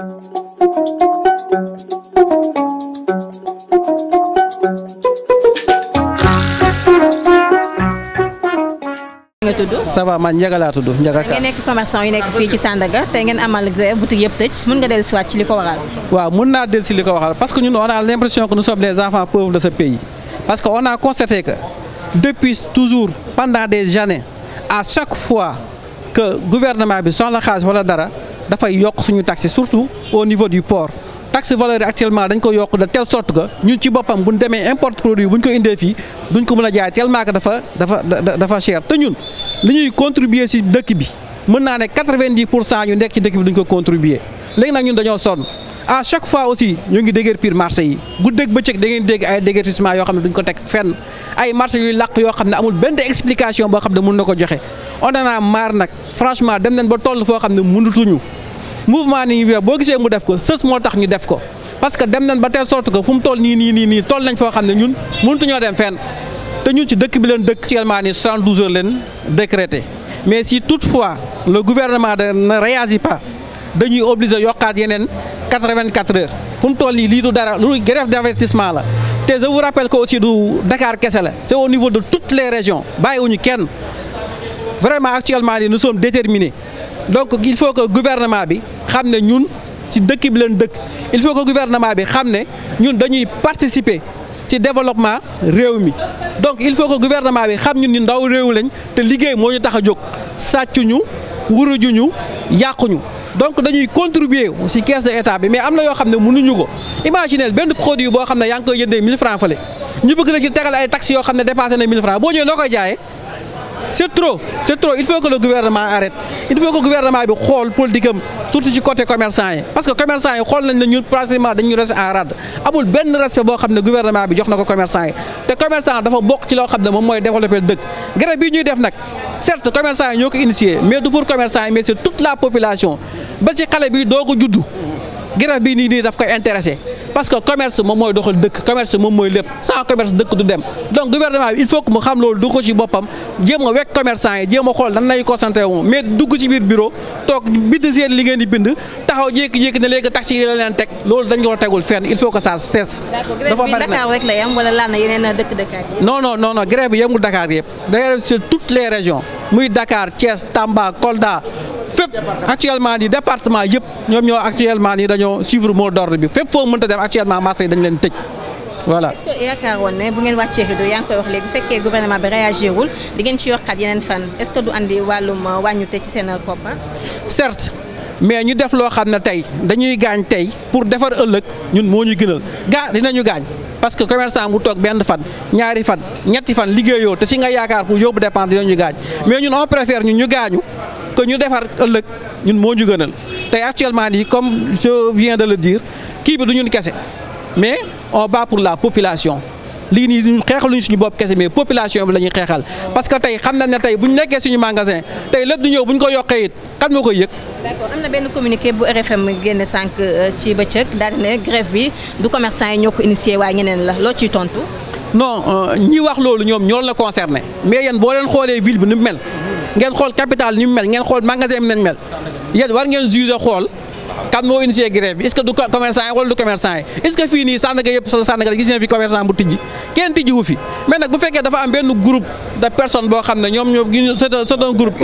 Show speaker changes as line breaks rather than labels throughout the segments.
nga tudd.
ça va man Ndiaga laa tudd Ka. nga
nekk commerçant yu nekk fii ci Sandaga te ngeen amal grève boutique yëpp tëj mun nga dellusiwaat ci li ko waral.
waaw mun naa dellusi li ko waral parce que ñun on a l'impression que nous sommes des enfants pauvres de ce pays parce que on a constaté que depuis toujours pendant des années à chaque fois que gouvernement bi soxla xaalis wala dara. dafay yokk suñu taxe surtout au niveau du port taxe valeur actuellement dañ ko yokk de telle sorte que ñun ci boppam bu ñu demee importe produit bu ko indee fii duñ ko mën a jaay tellement que dafa dafa dafa cher te ñun li ñuy contribuer ci dëkk bi mën naa ne quatre vingt pour cent ñu nekk ci dëkk bi duñ ko contribuer léegi nag ñun dañoo sonn à chaque fois aussi ñu ngi déggee pire marché yi guddeeg bëccëg da ngeen dégg ay déguerpissement yoo xam ne duñ ko teg fenn ay marché yuy xam ne amul benn explication boo xam ne mun na ko joxe on en a marre nag franchement dem nañ ba toll foo xam ne mënatuñu. mouvement ni boo gisee mu def ko sës moo tax ñu def ko parce que dem nañ ba tel sorte que fu mu toll nii nii nii nii toll nañ foo xam ne ñun mënutuñoo dem fenn te ñun ci dëkk bi leen dëkk. actuellement nii 72 heures leen décrété mais si toutefois le gouvernement de ne réagit pas dañuy obligé yokkaat yeneen 84 heures fu mu toll nii lii du dara lu grève d'avertissement la. te je vous rappelle aussi du kese la c'est au niveau de toutes les régions bàyyiwuñu kenn vraiment actuellement nii nous sommes donc il faut que gouvernement bi xam ne ñun ci dëkk bi leen dëkk il faut que gouvernement bi xam ne ñun dañuy participer ci développement réew mi donc il faut que gouvernement bi xam ñun ñu ndaw réew lañ te liggéey moo ñu tax a jóg sàccuñu wurujuñu yàquñu donc dañuy contribuer ci caisse de état bi mais am na yoo xam ne mënuñu ko imaginez benn produit boo xam ne yaa ngi koy yëndee 1000 francs fële ñu bëgg la ci tegal ay taxes yoo xam ne dépassé na 1000 francs boo ñëwee noo koy jaayee. c'est trop c'est trop il faut que le gouvernement arrête il faut que gouvernement bi xool politique am surtout ci côté commerçant yi parce que commerçant yi xool nañ ne ñun pratiquement dañuy rester amul benn respect boo xam ne gouvernement bi jox na ko commerçant yi te commerçant dafa bokk ci loo xam ne moom mooy développer dëkk grève bi ñuy def nag certes commerçant yi ñoo ko initié mais du pour commerçant yi mais c'est toute la population ba ci xale bi doo ko nii nii daf koy intéressé parce que commerce moom mooy doxal dëkk commerce moom mooy lépp sans commerce dëkk du dem donc gouvernement bi il faut que mu xam loolu du ko ci boppam jéem a wekk commerçant yi jéem a xool nan lay concentré moom mais dugg ci biir bureau toog bind seen li ngeen di bind taxaw jékki-jékki ne léegi tax yi la leen teg loolu dañ ko tegul fenn il faut que ça cesse.
dafa bari Dakar rek la yem wala na yeneen dëkk dëkkaat
yi. bi yemul Dakar yëpp day dem sur toutes les régions. muy dakaar Thiès Tamba Kolda fépp actuellement nii département yëpp ñoom ñoo actuellement nii dañoo suivre mot d'ordre bi fépp foo mënta dem actuellement marché yi dañ leen tëj voilà. est-ce
que ne bu ngeen wàccee rido yaa ngi koy wax léegi bu fekkee gouvernement bi réagirul di ngeen ci yokkaat yeneen fan est-ce que du andi wàllum wàññute ci seen koppa
certes mais ñu def loo xam ne tey dañuy gaañ tey pour defar ëllëg ñun moo ñu gënal gaa dinañu gaañ. parce que commerçant bu toog benn fan ñaari fan ñetti fan liggéeyoo te si nga yaakaar pour yóbbu dépense dina ñu gaañ mais ñun on préfère ñun ñu gaañu que ñu defar ëllëg ñun moo ñu gënal tey actuellement nii comme je viens de le dire kii bi du ñun kese mais on bat pour la population lii nii ñu xeexaluñ suñu bopp kese mais population bi la ñuy xeexal parce que tey xam na ne tey bu ñu nekkee suñu magasin tey lépp di ñëw bu ñu ko yokkee it kan moo koy yëg.
d'accord am na benn communiqué bu RFM génne sànq euh, ci bëccëg daal ne grève bi du commerçant yi ñoo ko initié waaye ñeneen la loo ciy tontu.
non euh, ñi wax loolu ñoom ñoo la concerné mais yéen boo leen xoolee ville bi nu mu mel ngeen xool capitale ni mu mel ngeen xool magasin bi nañ mel yéen war ngeen juger xool. kan moo initié grève bi est-ce que du commerçant yi wala du commerçant yi est-ce fii nii Sandaga yëpp Sandaga gis ngeen fi commerçant bu tijji kenn tijjiwu fi mais nag bu fekkee dafa am benn groupe de personnes boo xam ne ñoom ñoo c'est un groupe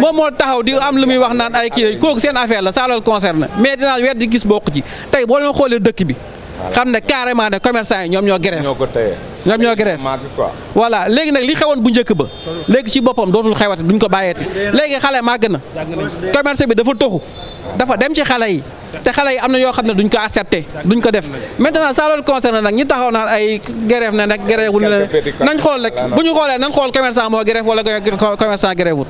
moom moo taxaw di am lu muy wax naan ay kii kooku seen affaire la ça leur concerne mais dinaa weer di gis bokk ci tey boo leen xoolee dëkk bi xam ne carrément ne yi ñoom ñoo grève ñoom ñoo grève voilà léegi nag li xewoon bu njëkk ba léegi ci boppam dootul xewati duñ ko bàyyeeti léegi xale màgg na commerce bi dafa toxu dafa dem ci xale yi te xale yi am na yoo xam ne duñ ko accepté duñ ko def maintenant ça leur concerne nag ñi taxaw naan ay grève na nag grève wul na nañ xool rek bu ñu xoolee nañ xool commerçant moo grève wala commerçant grève